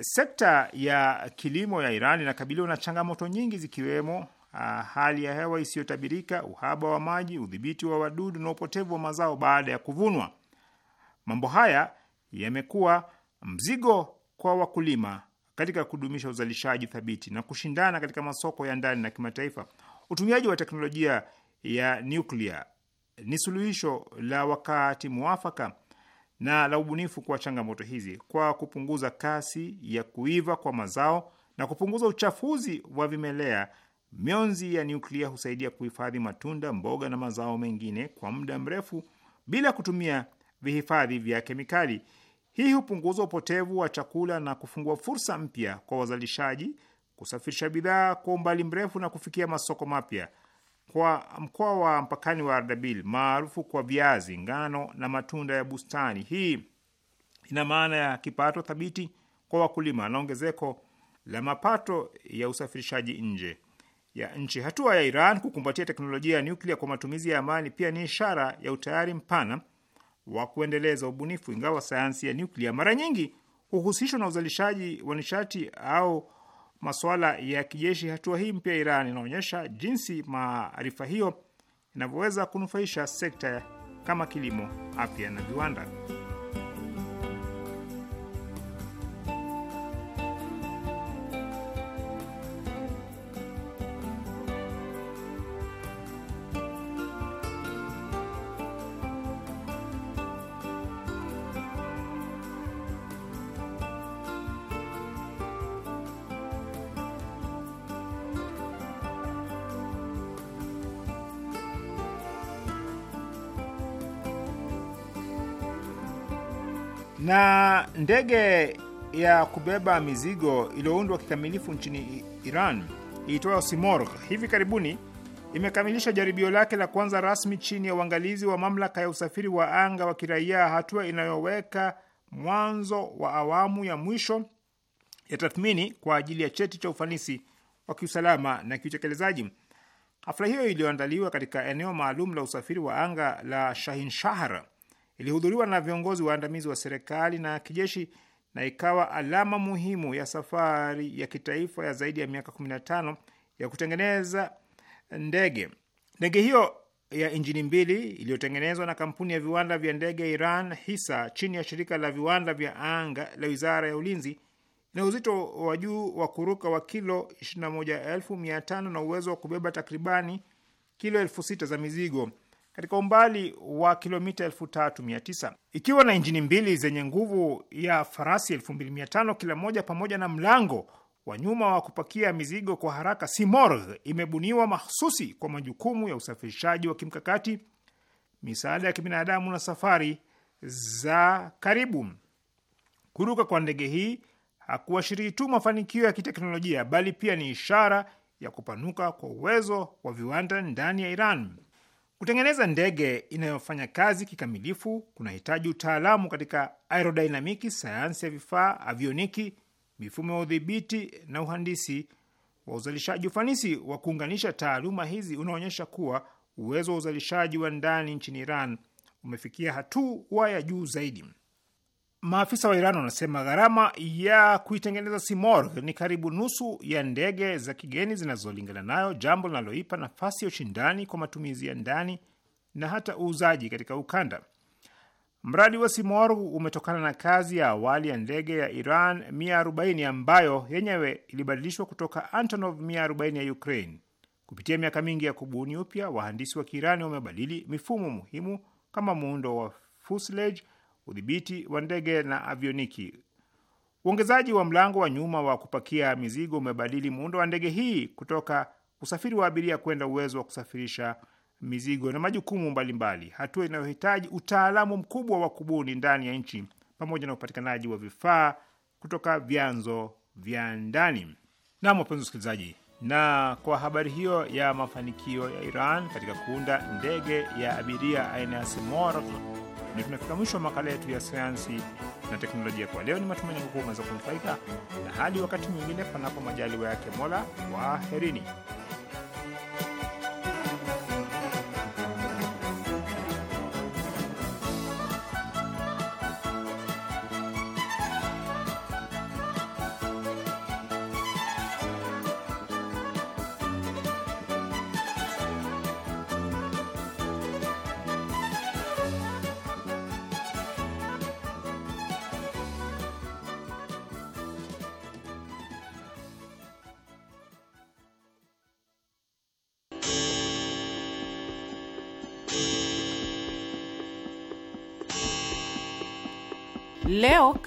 Sekta ya kilimo ya Iran inakabiliwa na changamoto nyingi zikiwemo Ah, hali ya hewa isiyotabirika, uhaba wa maji, udhibiti wa wadudu na upotevu wa mazao baada ya kuvunwa. Mambo haya yamekuwa mzigo kwa wakulima katika kudumisha uzalishaji thabiti na kushindana katika masoko ya ndani na kimataifa. Utumiaji wa teknolojia ya nyuklia ni suluhisho la wakati muafaka na la ubunifu kwa changamoto hizi, kwa kupunguza kasi ya kuiva kwa mazao na kupunguza uchafuzi wa vimelea Mionzi ya nyuklia husaidia kuhifadhi matunda, mboga na mazao mengine kwa muda mrefu bila kutumia vihifadhi vya kemikali. Hii hupunguza upotevu wa chakula na kufungua fursa mpya kwa wazalishaji kusafirisha bidhaa kwa umbali mrefu na kufikia masoko mapya. Kwa mkoa wa mpakani wa Ardabil maarufu kwa viazi, ngano na matunda ya bustani, hii ina maana ya kipato thabiti kwa wakulima na ongezeko la mapato ya usafirishaji nje ya nchi. Hatua ya Iran kukumbatia teknolojia ya nyuklia kwa matumizi ya amani pia ni ishara ya utayari mpana wa kuendeleza ubunifu, ingawa sayansi ya nyuklia mara nyingi huhusishwa na uzalishaji wa nishati au masuala ya kijeshi. Hatua hii mpya Iran inaonyesha jinsi maarifa hiyo inavyoweza kunufaisha sekta kama kilimo, afya na viwanda. Ndege ya kubeba mizigo iliyoundwa kikamilifu nchini Iran iitwayo Simorgh hivi karibuni imekamilisha jaribio lake la kwanza rasmi chini ya uangalizi wa mamlaka ya usafiri wa anga wa kiraia, hatua inayoweka mwanzo wa awamu ya mwisho ya tathmini kwa ajili ya cheti cha ufanisi wa kiusalama na kiutekelezaji. Hafla hiyo iliyoandaliwa katika eneo maalum la usafiri wa anga la Shahin Shahar ilihudhuriwa na viongozi waandamizi wa serikali na kijeshi na ikawa alama muhimu ya safari ya kitaifa ya zaidi ya miaka 15 ya kutengeneza ndege. Ndege hiyo ya injini mbili iliyotengenezwa na kampuni ya viwanda vya ndege ya Iran hisa chini ya shirika la viwanda vya anga la wizara ya ulinzi ina uzito wa juu wa kuruka wa kilo 21500 na uwezo wa kubeba takribani kilo elfu sita za mizigo katika umbali wa kilomita 3900 ikiwa na injini mbili zenye nguvu ya farasi 2500 kila moja pamoja na mlango wa nyuma wa kupakia mizigo kwa haraka. Simorgh imebuniwa mahsusi kwa majukumu ya usafirishaji wa kimkakati, misaada ya kibinadamu na safari za karibu. Kuruka kwa ndege hii hakuashirii tu mafanikio ya kiteknolojia, bali pia ni ishara ya kupanuka kwa uwezo wa viwanda ndani ya Iran. Kutengeneza ndege inayofanya kazi kikamilifu kunahitaji utaalamu katika aerodinamiki, sayansi ya vifaa, avioniki, mifumo ya udhibiti na uhandisi wa uzalishaji. Ufanisi wa kuunganisha taaluma hizi unaonyesha kuwa uwezo wa uzalishaji wa ndani nchini Iran umefikia hatua ya juu zaidi. Maafisa wa Iran wanasema gharama ya kuitengeneza Simorgh ni karibu nusu ya ndege za kigeni zinazolingana nayo, jambo linaloipa nafasi ya ushindani kwa matumizi ya ndani na hata uuzaji katika ukanda. Mradi wa Simorgh umetokana na kazi ya awali ya ndege ya Iran 140 ambayo yenyewe ilibadilishwa kutoka Antonov 140 ya Ukraine. Kupitia miaka mingi ya kubuni upya, wahandisi wa Kiirani wamebadili mifumo muhimu kama muundo wa fuselage udhibiti wa ndege na avioniki. Uongezaji wa mlango wa nyuma wa kupakia mizigo umebadili muundo wa ndege hii kutoka usafiri wa abiria kwenda uwezo wa kusafirisha mizigo na majukumu mbalimbali, hatua inayohitaji utaalamu mkubwa wa kubuni ndani ya nchi pamoja na upatikanaji wa vifaa kutoka vyanzo vya ndani. Na wapenzi wasikilizaji, na kwa habari hiyo ya mafanikio ya Iran katika kuunda ndege ya abiria aina ya Simorgh ndio tunafika mwisho wa makala yetu ya sayansi na teknolojia kwa leo. Ni matumaini yangu kuwa umeweza kunufaika, na hadi wakati mwingine, panapo majaliwa yake Mola, herini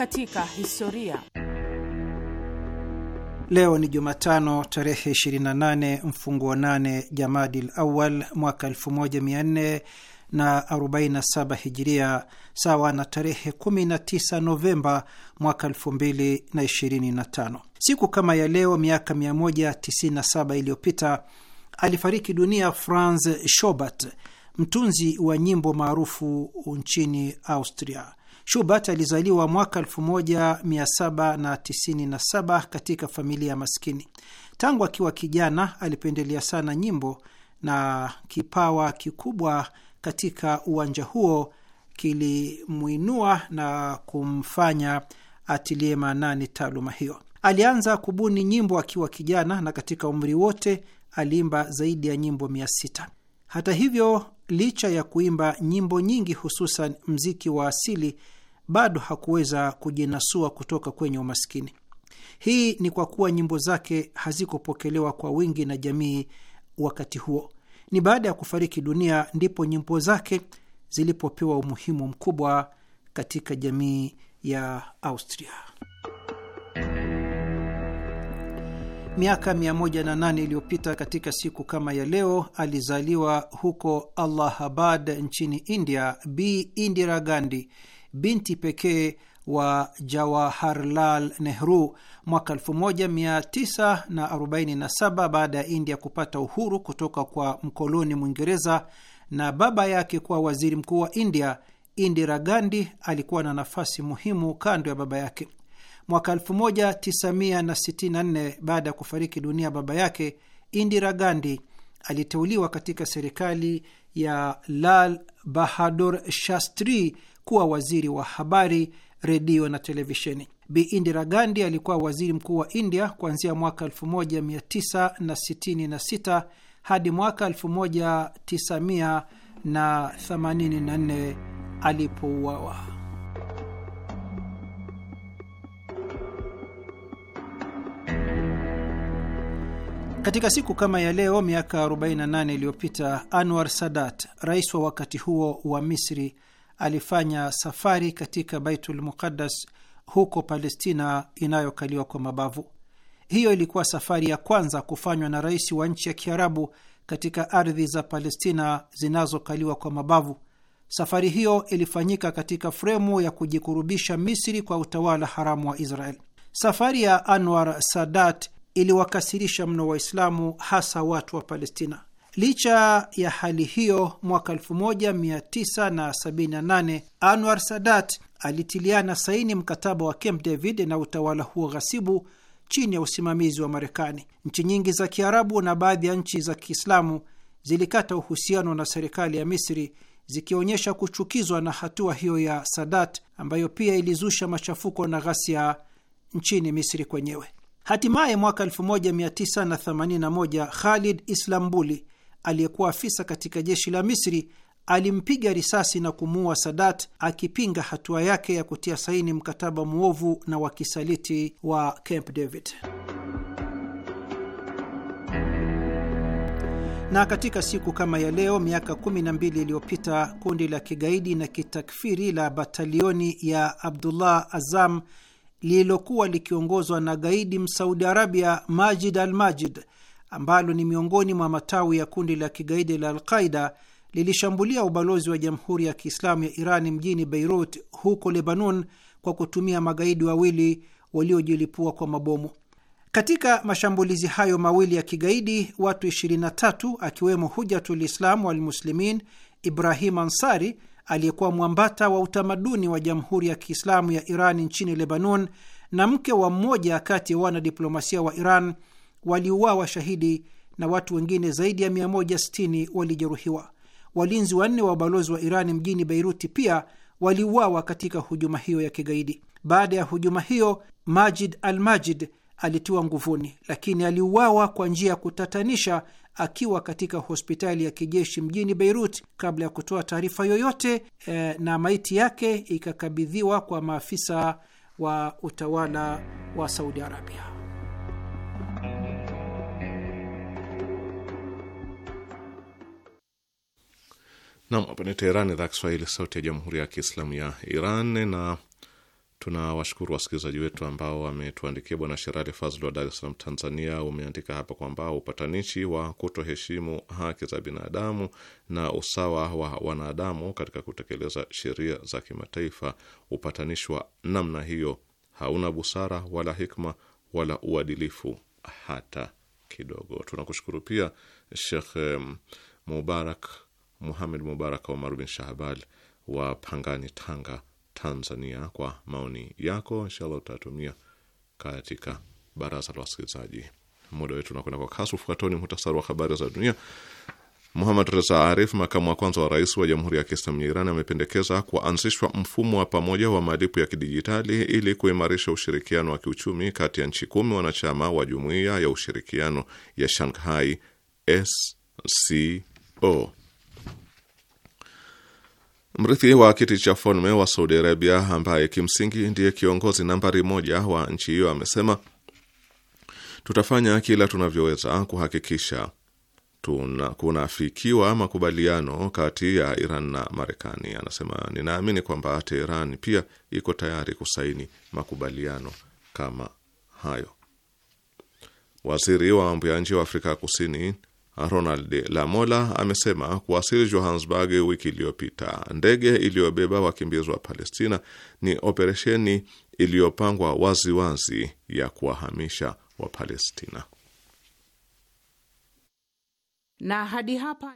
katika historia. Leo ni Jumatano tarehe 28 mfunguo nane Jamadil Awal mwaka 1447 Hijiria, sawa na tarehe 19 Novemba mwaka 2025. Siku kama ya leo miaka 197 iliyopita alifariki dunia Franz Schubert, mtunzi wa nyimbo maarufu nchini Austria. Shubat alizaliwa mwaka 1797 katika familia maskini. Tangu akiwa kijana alipendelea sana nyimbo na kipawa kikubwa katika uwanja huo kilimwinua na kumfanya atilie maanani taaluma hiyo. Alianza kubuni nyimbo akiwa kijana na katika umri wote aliimba zaidi ya nyimbo mia sita. Hata hivyo, licha ya kuimba nyimbo nyingi, hususan mziki wa asili, bado hakuweza kujinasua kutoka kwenye umaskini. Hii ni kwa kuwa nyimbo zake hazikupokelewa kwa wingi na jamii wakati huo. Ni baada ya kufariki dunia ndipo nyimbo zake zilipopewa umuhimu mkubwa katika jamii ya Austria. Miaka 108 iliyopita katika siku kama ya leo alizaliwa huko Allahabad nchini India Bi Indira Gandhi, binti pekee wa Jawaharlal Nehru mwaka 1947 baada ya India kupata uhuru kutoka kwa mkoloni Mwingereza na baba yake kuwa waziri mkuu wa India. Indira Gandhi alikuwa na nafasi muhimu kando ya baba yake. Mwaka 1964 baada ya kufariki dunia baba yake, Indira Gandhi aliteuliwa katika serikali ya Lal Bahadur Shastri kuwa waziri wa habari, redio na televisheni. Bi Indira Gandhi alikuwa waziri mkuu wa India kuanzia mwaka 1966 hadi mwaka 1984 alipouawa. Katika siku kama ya leo miaka 48 iliyopita Anwar Sadat, rais wa wakati huo wa Misri, alifanya safari katika Baitul Muqaddas huko Palestina inayokaliwa kwa mabavu. Hiyo ilikuwa safari ya kwanza kufanywa na rais wa nchi ya Kiarabu katika ardhi za Palestina zinazokaliwa kwa mabavu. Safari hiyo ilifanyika katika fremu ya kujikurubisha Misri kwa utawala haramu wa Israel. Safari ya Anwar Sadat iliwakasirisha mno Waislamu, hasa watu wa Palestina. Licha ya hali hiyo, mwaka 1978 Anwar Sadat alitiliana saini mkataba wa Camp David na utawala huo ghasibu chini ya usimamizi wa Marekani. Nchi nyingi za Kiarabu na baadhi ya nchi za Kiislamu zilikata uhusiano na serikali ya Misri zikionyesha kuchukizwa na hatua hiyo ya Sadat ambayo pia ilizusha machafuko na ghasia nchini Misri kwenyewe. Hatimaye mwaka 1981 Khalid Islambuli, aliyekuwa afisa katika jeshi la Misri alimpiga risasi na kumuua Sadat akipinga hatua yake ya kutia saini mkataba mwovu na wakisaliti wa Camp David. Na katika siku kama ya leo miaka mbili iliyopita kundi la kigaidi na kitakfiri la batalioni ya Abdullah Azam lililokuwa likiongozwa na gaidi Msaudi Arabia Majid al Majid ambalo ni miongoni mwa matawi ya kundi la kigaidi la Alqaida lilishambulia ubalozi wa Jamhuri ya Kiislamu ya Iran mjini Beirut huko Lebanon kwa kutumia magaidi wawili waliojilipua kwa mabomu. Katika mashambulizi hayo mawili ya kigaidi, watu 23 akiwemo Hujatul islamu Walmuslimin Ibrahim Ansari aliyekuwa mwambata wa utamaduni wa Jamhuri ya Kiislamu ya Iran nchini Lebanon na mke wa mmoja kati ya wanadiplomasia wa Iran waliuawa shahidi na watu wengine zaidi ya 160 walijeruhiwa. Walinzi wanne wa ubalozi wa Iran mjini Beiruti pia waliuawa katika hujuma hiyo ya kigaidi. Baada ya hujuma hiyo, Majid al-Majid alitiwa nguvuni, lakini aliuawa kwa njia ya kutatanisha akiwa katika hospitali ya kijeshi mjini Beirut kabla ya kutoa taarifa yoyote e, na maiti yake ikakabidhiwa kwa maafisa wa utawala wa Saudi Arabia. Nam, hapa ni Teheran, idhaa Kiswahili, sauti ya jamhuri ya kiislamu ya Iran. Na tunawashukuru wasikilizaji wetu ambao wametuandikia. Bwana Sherali Fazl wa Dar es Salaam, Tanzania, umeandika hapa kwamba upatanishi wa kutoheshimu haki za binadamu na usawa wa wanadamu katika kutekeleza sheria za kimataifa, upatanishi wa namna hiyo hauna busara wala hikma wala uadilifu hata kidogo. Tunakushukuru pia Shekh Mubarak Muhamed Mubarak Omar bin Shahbal wa Pangani, Tanga, Tanzania, kwa maoni yako. Inshallah utatumia katika baraza la wasikilizaji. Muda wetu unakwenda kwa kasi. Ufuatao muhtasari wa habari za dunia. Muhamad Reza Arif, makamu wa kwanza wa rais wa Jamhuri ya Kiislamu ya Iran, amependekeza kuanzishwa mfumo wa pamoja wa malipo ya kidijitali ili kuimarisha ushirikiano wa kiuchumi kati ya nchi kumi wanachama wa Jumuiya ya Ushirikiano ya Shanghai SCO. Mrithi wa kiti cha falme wa Saudi Arabia ambaye kimsingi ndiye kiongozi nambari moja wa nchi hiyo amesema, tutafanya kila tunavyoweza kuhakikisha tuna kunafikiwa makubaliano kati ya Iran na Marekani. Anasema, ninaamini kwamba Teheran pia iko tayari kusaini makubaliano kama hayo. Waziri wa mambo ya nje wa Afrika Kusini Ronald Lamola amesema kuwasili Johannesburg wiki iliyopita ndege iliyobeba wakimbizi wa Palestina ni operesheni iliyopangwa waziwazi ya kuwahamisha Wapalestina na hadi hapa